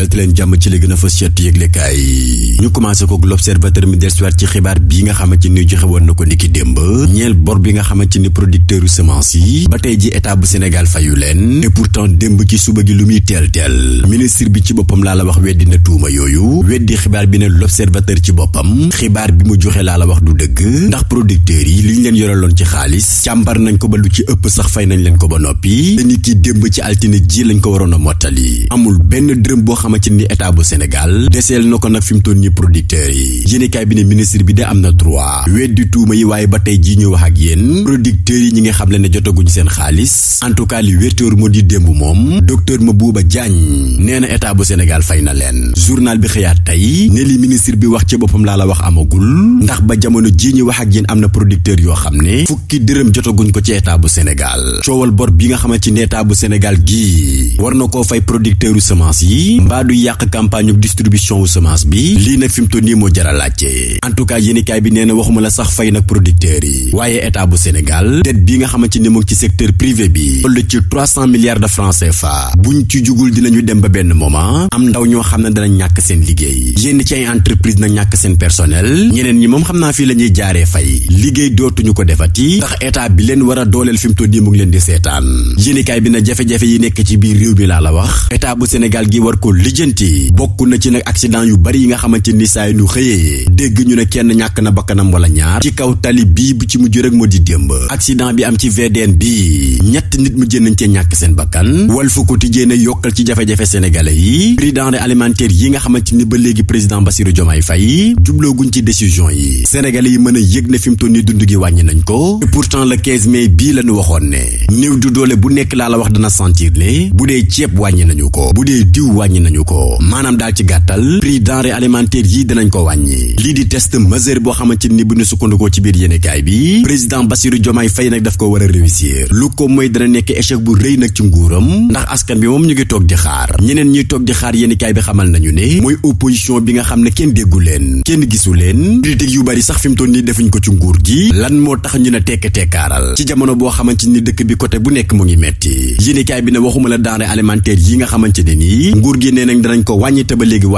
Sénégal leen jàmm ci la gën a fës ci ëttu yëglekaay yi ñu commencé ko l'observateur mi del siwaat ci xibaar bii nga xamante ni joxe woon na ko niki démb ñeel bor bi nga xamante ni producteur u semence yi ba tey ji état bu Sénégal fayu leen et pourtant démb ci suba gi lu muy teel teel ministre bi ci boppam laa la wax weddi na tuuma yooyu weddi xibaar bi ne l'observateur ci boppam xibaar bi mu joxe laa la wax du dëgg ndax producteurs yi li ñu leen loon ci xaalis càmbar nañ ko ba lu ci ëpp sax fay nañ leen ko ba noppi te niki démb ci altine ji lañ ko waroon a amul benn dërëm boo xam xamante ni état bu Sénégal deseel na ko nag fi mu toll nii producteurs yi yéenekaay bi ne ministre bi de am na droit weddi tuuma yi waaye ba tey jii ñu wax ak yéen producteurs yi ñi nga xam le ne jotaguñ seen xaalis en tout cas li wértéer moo di démb moom docteur Mabouba Diagne nee na état bu Sénégal fay na leen journal bi xëyaat tey ne ministre bi wax ci boppam laa la wax amagul ndax ba jamono jii ñu wax ak yéen am na producteurs yoo xam ne fukki dërëm jotaguñ ko ci état bu Sénégal coowal bor bi nga xamante ni état bu Sénégal gii war na koo semence yi mbaa du yàq campagne distribution wu semence bi lii nag fi mu moo jar a laajte en tout cas yéenekaay bi nee na waxuma la sax fay nag producteurs yi waaye état Sénégal dette bi nga xamante ni mu ngi ci secteur privé bi toll ci milliards de francs CFA buñ ci jugul dinañu dem ba benn moment am ndaw ñoo xam ne danañ ñàkk seen liggéey yénn ci entreprise nag ñàkk seen personnel ñeneen ñi moom xam naa fii la ñuy jaaree fay liggéey dootuñu ko defati ndax état bi leen war a dooleel fi toll nii mu ngi leen di seetaan bi na jafe-jafe yi nekk ci biir réew mi laa la wax état bu Sénégal gi war lijjanti bokk na ci nag accident yu bari yi nga xamante ni saa yu nu xëyee dégg ñu ne kenn ñàkk na bakkanam wala ñaar ci kaw tali bii bu ci mujj rek moo di démb accident bi am ci VDN bi ñett nit mu jënnañ cee ñàkk seen bakkan Walf Quotidien yokkal ci jafe-jafe sénégalais yi prix denrée alimentaire yi nga xamante ni ba léegi président Bassirou Diomaye Faye jublooguñ ci décision yi sénégalais yi mën a yëg na fi mu toll nii dund gi wàññi nañ ko pourtant le 15 mai bii la ñu waxoon ne néew du doole bu nekk laa la wax dana sentir ne bu dee ceeb wàññi nañu ko bu dee diw wàññi nañu wàññiwuñu ko maanaam daal ci gàttal prix denrée alimentaire yi dinañ ko wàññi lii di test mesure boo xamante ni bu ñu sukkandikoo ci biir yéenekaay bi président Bassirou Diomaye Faye nag daf ko war a réussir lu ko mooy dana nekk échec bu rëy nag ci nguuram ndax askan bi moom ñu ngi toog di xaar ñeneen ñuy toog di xaar yéenekaay bi xamal nañu ne mooy opposition bi nga xam ne kenn déggu leen kenn gisu leen yu bari sax fi mu toll nii defuñ ko ci nguur gi lan moo tax ñu ne tekk tekkaaral ci jamono boo xamante ni dëkk bu nekk mu ngi metti yéenekaay bi ne waxuma yi nga xamante nguur gi nee nañ danañ ko wàññi te ba léegi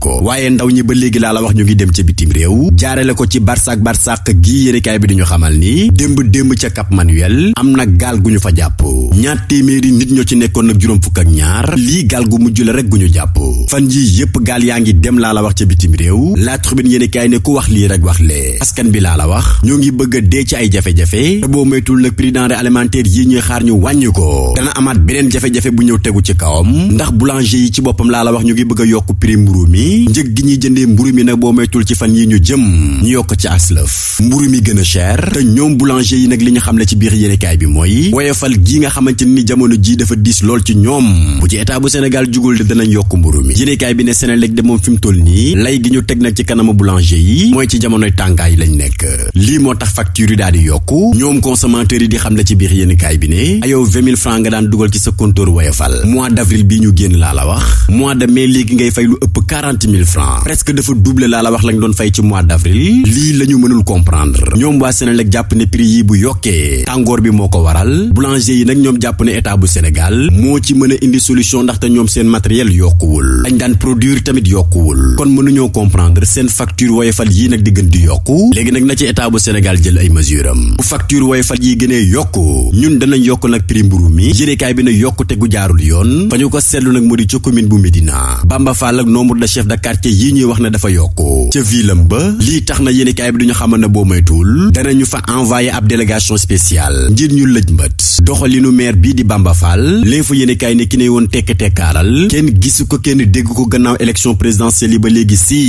ko waaye ndaw ñi ba léegi laa la wax ñu ngi dem ca bitim réew jaarale ko ci barsak barsak gi yéenekaay bi diñu xamal ni démb démb ca Cap Manuel am na gaal gu ñu fa jàpp ñaar téeméeri nit ñoo ci nekkoon nag juróom fukk ak ñaar lii gaal gu mujj la rek gu ñu jàpp fan yi yépp gaal yaa ngi dem laa la wax ca bitim réew laa La Tribune yéenekaay ne ku wax lii rek wax lee askan bi laa la wax ñoo ngi bëgg a dee ci ay jafe-jafe te boo moytul nag prix alimentaire yi ñuy xaar ñu wàññi ko dana amaat beneen jafe-jafe bu ñëw tegu ci kawam ndax boulanger yi ci bopp boppam laa la wax ñu ngi bëgg yokk prix mburu mi njëg gi ñuy jëndee mburu mi nag boo moytul ci fan yi ñu jëm ñu yokk ci aslëf mburu mi gën a cher ñoom boulanger yi nag li ñu xam ne ci biir yéenekaay bi mooy woyofal gi nga xamante ni jamono ji dafa diis lool ci ñoom bu ci bu Sénégal jugul de danañ yokk mburu mi yéenekaay bi ne Senelec de moom fi mu toll nii lay gi ñu teg nag ci kanamu boulanger yi mooy ci jamonoy tàngaay lañ nekk lii moo tax facture yi daal di yokku ñoom consommateurs yi di xam ne ci biir yéenekaay bi ne ayow 20 000 francs nga daan dugal ci sa compteur woyofal mois d'avril bi ñu génn laa la wax mois de mais léegi ngay fay lu ëpp quarante mille francs presque dafa double laa la wax lañ doon fay ci mois d' lii la ñu mënul comprendre ñoom waa Sénélec jàpp ne prix yi bu yokkee tàngoor bi moo ko waral boulanger yi nag ñoom jàpp ne état bu Sénégal moo ci mën a indi solution ndaxte ñoom seen matériel yokkuwul lañ daan produire tamit yokkuwul kon mënuñoo comprendre seen facture woyofal yii nag di gën di yokk léegi nag na ci état bu Sénégal jël ay mesure am bu facture woyofal yi gënee yokku ñun danañ yokk nag prix mburu mi yéenekaay bi na yokku te gu yoon fa ñu ko seetlu moo commune bu Médina Bamba Fall ak nombre de chef de quartier yi ñuy wax ne dafa yokku ca vilam ba lii tax na yéeni bi duñu xamal ne boo maytul danañu fa envoyé ab délégation spéciale ngir ñu lëj mbët doxalinu maire bii di Bamba Fall l'info yéeni ki ne woon tekk-tekkaaral kenn gisu ko kenn dégg ko gannaaw élection présidentielle yi ba léegi si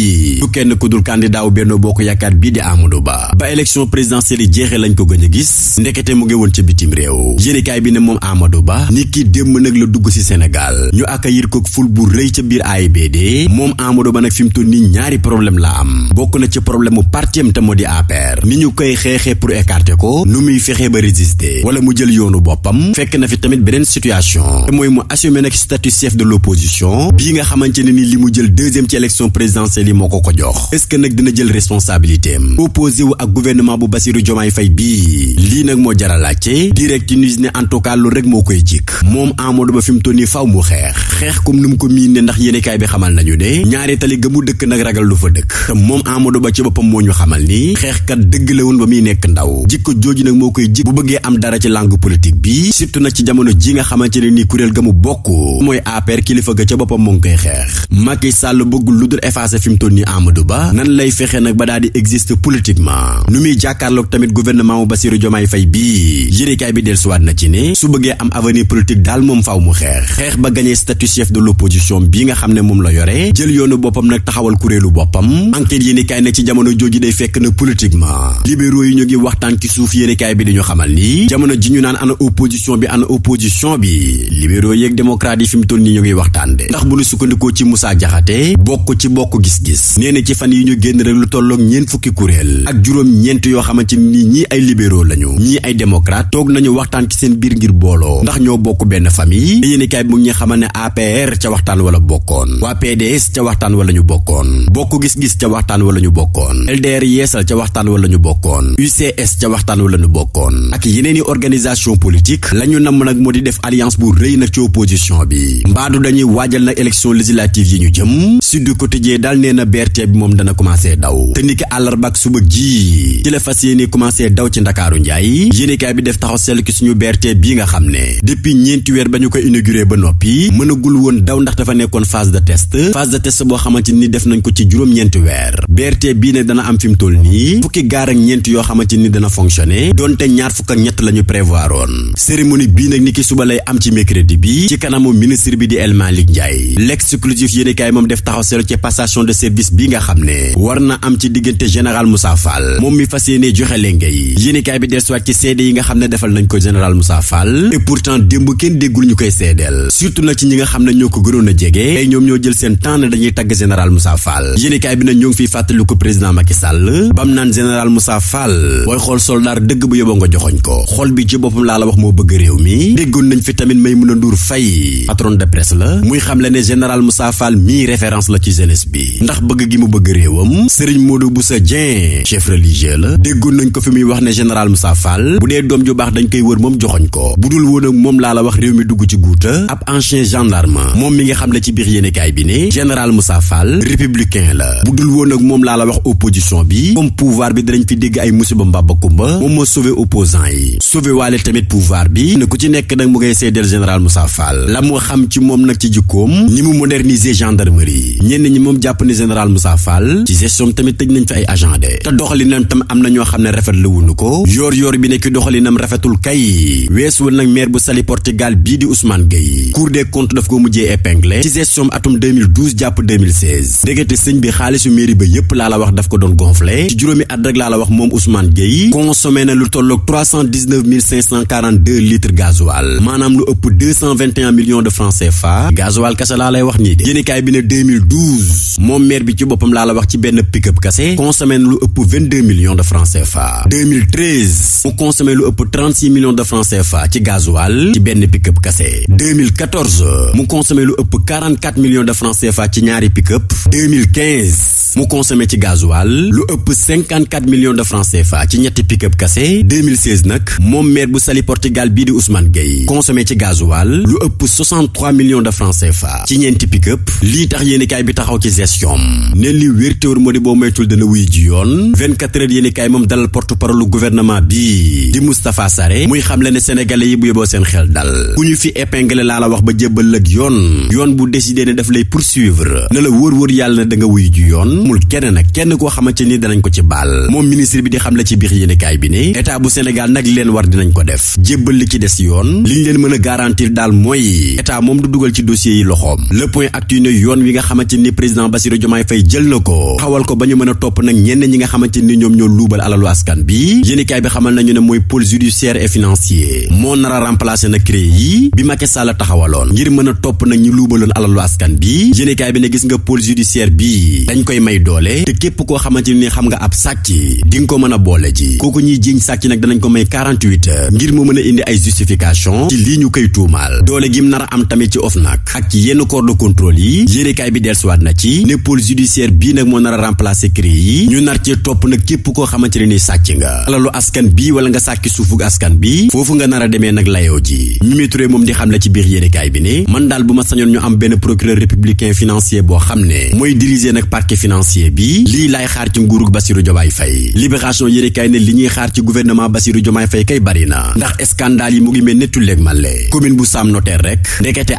du kenn ku dul candidat wu Benno Bokk Yaakaar bi di Amadou Ba ba élection présidentielle yi jeexee lañ ko gën a gis ndekete mu ngi woon ca bitim réew yéeni kaay bi ne moom Amadou Ba nit ki démb nag la dugg ci Sénégal ñu accueillir ko ful bu rëy ca biir AIBD moom Amadou Ba nag fi mu toll nii ñaari problème la am bokk na ci problème mu partiam te moo di APR ni ñu koy xeexee pour écarter ko nu muy fexee ba résister wala mu jël yoonu boppam fekk na fi tamit beneen situation te mooy mu assumer nag statut chef de l'opposition bii nga xamante ne ni li mu jël deuxième ci élection présidentielle yi moo ko ko jox est-ce que nag dina jël responsabilité am opposé wu ak gouvernement bu Bassirou Diomaye Faye moo jar a laajte direct news ne en tout cas lu moo koy jik moom miin ne ndax yéenekaay bi xamal nañu ne ñaari tali gëmu dëkk nag ragal du fa dëkk moom Amadou Ba ci boppam moo ñu xamal ni xeexkat dëgg la woon ba muy nekk ndaw jikko jooju nag moo koy ji bu bëggee am dara ci langue politique bi surtout nag ci jamono ji nga xamante ne ni kuréel ga mu bokk mooy APR kilifa ga ca boppam moo ngi koy xeex Macky Sall bëggul lu dul effacer fi mu toll ni Amadou Ba nan lay fexe nag ba daal di exister politiquement nu muy jàkkaarloog tamit gouvernement wu Bassirou Diomaye Faye bii yéenekaay bi na ci ne su bëggee am avenir mu ba gagné statut chef institution bii nga xam ne moom la yore jël yoonu boppam nag taxawal kuréelu boppam enquête yéenekaay ne ci jamono jooju day fekk na politiquement libéraux yi ñu ngi waxtaan ci suuf yéenekaay bi di ñu xamal ni jamono ji ñu naan ana opposition bi ana opposition bi libéraux yeeg démocrates yi fi mu toll nii ñu ngi waxtaan de ndax bu ñu sukkandikoo ci Moussa Diakhaté bokk ci bokk gis-gis nee ci fan yi ñu génn rek lu tolloog ñeent fukki kuréel ak juróom ñeent yoo xamante ni ñii ay libéraux lañu ñii ay démocrates toog nañu waxtaan ci seen biir ngir booloo ndax ñoo bokk benn famille waxtaan wala bokkoon waa PDS ca waxtaan wala ñu bokkoon bokk gis-gis ca waxtaan wala ñu bokkoon LDR yeesal ca waxtaan wala ñu bokkoon UCS ca waxtaan wa ñu bokkoon ak yeneen i organisation politique la ñu namm nag moo di def alliance bu rëy nag ci opposition bi mbaadu dañuy waajal nag élection législative yi ñu jëm Sud Quotidien daal nee na BRT bi moom dana commencé daw te niki àllarba ak suba ji ci la fas yéene commencé daw ci Ndakaaru Njaay yéenekaay bi def taxaw seetlu ci suñu BRT bii nga xam ne depuis ñeenti weer ba ko ba noppi dafa nekkoon phase de test phase de test boo xamante ni def nañ ko ci juróom-ñeenti weer BRT bii ne dana am fi toll nii fukki gaar ak ñeent yoo xamante ni dana fonctionné donte ñaar fukk ak ñett la prévoir woon cérémonie bii nag ni ki suba lay am ci mercredi bi ci kanamu ministre bi di El Malick Ndiaye l'exclusif yéen kaay moom def taxaw seetlu ci passation de service bi nga xam ne war na am ci diggante général Moussa Fall moom mi fas gënoon a jege ñoom ñoo jël seen temps ne dañuy tagg général Moussa Fall yéenekaay bi nag ñoo ngi fiy fàttali président Macky bam naan général Moussa Fall booy xool soldaar dëgg bu yóbboo nga joxoñ ko xool bi ci boppam laa la wax moo bëgg réew mi déggoon nañ fi tamit Maïmouna Ndour Faye patron de presse la muy xamle ne général Moussa Fall mii référence la ci jeunesse bi ndax bëgg gi mu bëgg réewam Serigne Modou Boussa Dieng chef religieux la déggoon nañ ko fi muy wax ne général Moussa Fall bu dee doom ju baax dañ koy ko bu dul woon la wax réew mi dugg ci guuta ngi xam ne ci biir yéenekaay bi ne général Moussa Fall républicain la bu dul woon ak moom laa la wax opposition bi comme pouvoir bi dinañ fi dégg ay musiba mbaba kumba moom moo sauvé opposant yi sauvé waale tamit pouvoir bi ne ku ci nekk nag mu ngay seedeel général Moussa Fall la mu xam ci moom nag ci jikkoom ñi mu moderniser gendarmerie ñenn ci gestion tamit tëj nañ fi ay agent de te doxalinam tam am na ñoo xam ne rafet la wuñu ko yoor yoor bi nekk doxalinam rafetul kay weesuwul nag maire bu Saly Portugal bii Anglais ci gestion atum 2012 jàpp 2016 ndégete sëñ bi xaalisu mairie ba yépp laa la wax daf ko doon gonflé ci juróomi at rek laa la wax moom Ousmane Gueye consommé na lu tolloog 319 542 litres gasoil maanaam lu ëpp 221 millions de francs CFA gasoil kase laa lay wax nii de yéenekaay bi ne 2012 moom maire bi ci boppam laa la wax ci benn pick-up kase consommé na lu ëpp millions de francs CFA mu consommé lu ëpp millions de francs CFA ci gasoil ci benn pick-up kase mu consommé lu ëpp 44 millions de francs CFA ci ñaari pick-up 2015 Thiès mu consommé ci gasoil lu ëpp 54 millions de francs CFA ci ñetti pick-up kase 2016 nag moom maire bu Saly Portugal bii di Ousmane Gueye consommé ci gasoil lu ëpp 63 de francs CFA ci ñeenti pick-up lii tax yéenekaay bi taxaw ci gestion ne li wér te wóor boo moytul dana wuy yoon 24 heures yéenekaay moom dalal porte-parole gouvernement bi di Moustapha Sarré muy la ne sénégalais yi bu yóbboo seen xel dal ku ñu fi épinglé laa la wax ba jébbal ak yoon yoon bu décidé ne daf lay poursuivre na la wóor wóor yàlla da nga wuy ji yoon amul kenn nag kenn koo xamante ni danañ ko ci baal moom ministre bi di xam la ci biir yéenekaay bi ne état bu Sénégal nag leen war dinañ ko def jébbal li ci des yoon liñ leen mën a garantir daal mooy état moom du dugal ci dossier yi loxoom le point actu ne yoon wi nga xamante ni président Bassirou Diomaye Faye jël na ko xawal ko ba ñu mën a topp nag ñenn ñi nga xamante ni ñoom ñoo luubal alalu askan bi yéenekaay bi xamal nañu ne mooy pôle judiciaire et financier moo nar a remplacer na CREI yi bi a topp bi may doole te képp koo xamante ni xam nga ab sàcc di nga ko mën a boole ji kooku ñuy jiiñ sàcc nag danañ ko may 48 heures ngir mu mën a indi ay justification ci lii ñu koy tuumaal doole gi mu nar am tamit ci OFNAC ak ci yenn corps de contrôle yi yérekaay bi dellusiwaat na ci ne pôle judiciaire bii nag moo nar a remplacer yi ñu nar cee topp nag képp koo xamante ne ni sàcc nga alalu askan bi wala nga sàcc suufug askan bi foofu nga nar a demee nag layoo ji Mimi Touré moom di xam la ci biir yérekaay bi ne man daal bu ma sañoon ñu am benn procureur ne mooy financier bi lii laay xaar ci nguurug Bassirou Diomaye Faye libération yéenekaay ne li ñuy xaar ci gouvernement Bassirou Diomaye Faye kay bari ndax scandale yi mu ngi mel ne tulleeg màlle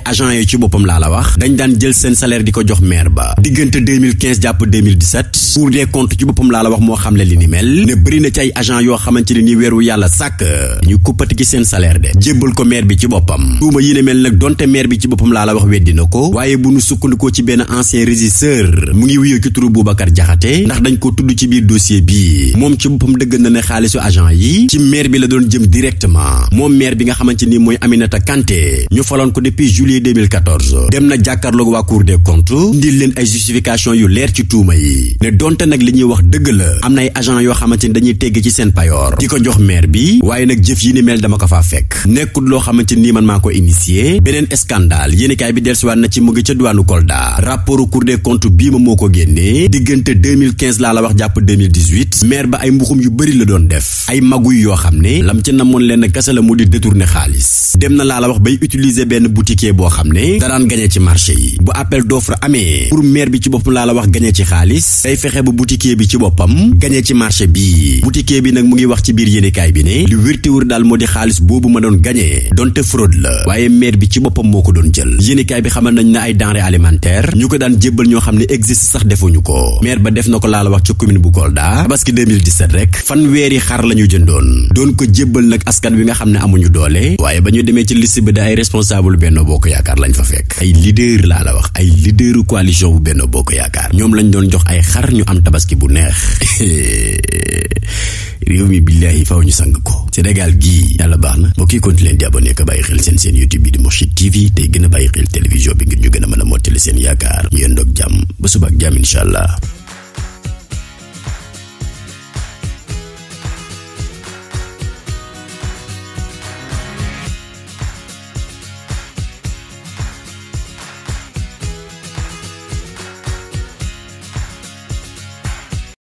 agent yi ci wax dañ daan jël seen salaire di ko jox maire ba diggante 2015 jàpp 2017 Cour des comptes ci boppam ni mel ne yoo xamante ne ni weeru yàlla sàkk ñu kuppati gi seen salaire de jébbal ko maire bi ci boppam tuuma yi ne mel nag donte maire bi ci boppam laa la wax weddi na ko waaye bu ñu sukkandikoo ci benn ancien régisseur mu ngi wuyoo ci turu Boubacar Diakhaté ndax dañ ko tudd ci biir dossier bi moom ci boppam dëgg na ne xaalisu agent yi ci maire bi la doon jëm directement moom maire bi nga xamante ni mooy Aminata Kanté ñu faloon ko depuis juillet 2014 dem na jàkkaarloog waa Cour des comptes ndil leen ay justification yu leer ci tuuma yi ne donte nag li ñuy wax dëgg la am na ay agent yoo xamante ni dañuy tegg ci seen payoor di ko jox maire bi waaye nag jëf yi ni mel dama ko fa fekk nekkul loo xamante ni man maa ko initié beneen scandale yéenekaay bi dellusiwaat na ci mu ngi ca duwaanu Kolda rapportu Cour des comptes bii ko génnee ne diggante 2015 laa la wax jàpp 2018 maire ba ay mbuxum yu bëri la doon def ay maguy yoo xam ne lam ca namoon leen kese la mu di détourner xaalis dem na laa la wax bay utiliser benn boutiquier boo xam ne daraan gañee ci marché yi bu appel d'offre amee pour maire bi ci boppam laa la wax gañee ci xaalis say fexe ba boutiquier bi ci boppam gañee ci marché bi boutiquier bi nag mu ngi wax ci biir yéenekaay bi ne lu wértiwur daal moo di xaalis boobu ma doon gañee donte fraude la waaye maire bi ci boppam moo ko doon jël yéenekaay bi xamal nañ na ay denrées alimentaires ñu ko daan jébbal ñoo xam ne existe sax defuñu ko ko maire ba def na ko laa la wax ci commune bu Kolda tabaski 2017 rek fanweeri xar la ñu jëndoon doon ko jébbal nag askan wi nga xam ne amuñu doole waaye ba ñu demee ci liste bi ay responsable Benno Bokk Yaakaar lañ fa fekk ay leader laa la wax ay leaderu coalition bu Benno Bokk Yaakaar ñoom lañ doon jox ay xar ñu am tabaski bu neex réew mi billaahi faw ñu gii yàlla baax na mbokk yi continuer di abonné TV tey gën a bàyyi xel télévision bi ngir ñu gën a mën a mottali seen yaakaar ñu yendoog jàmm ba subaak jàmm incha allah Voilà.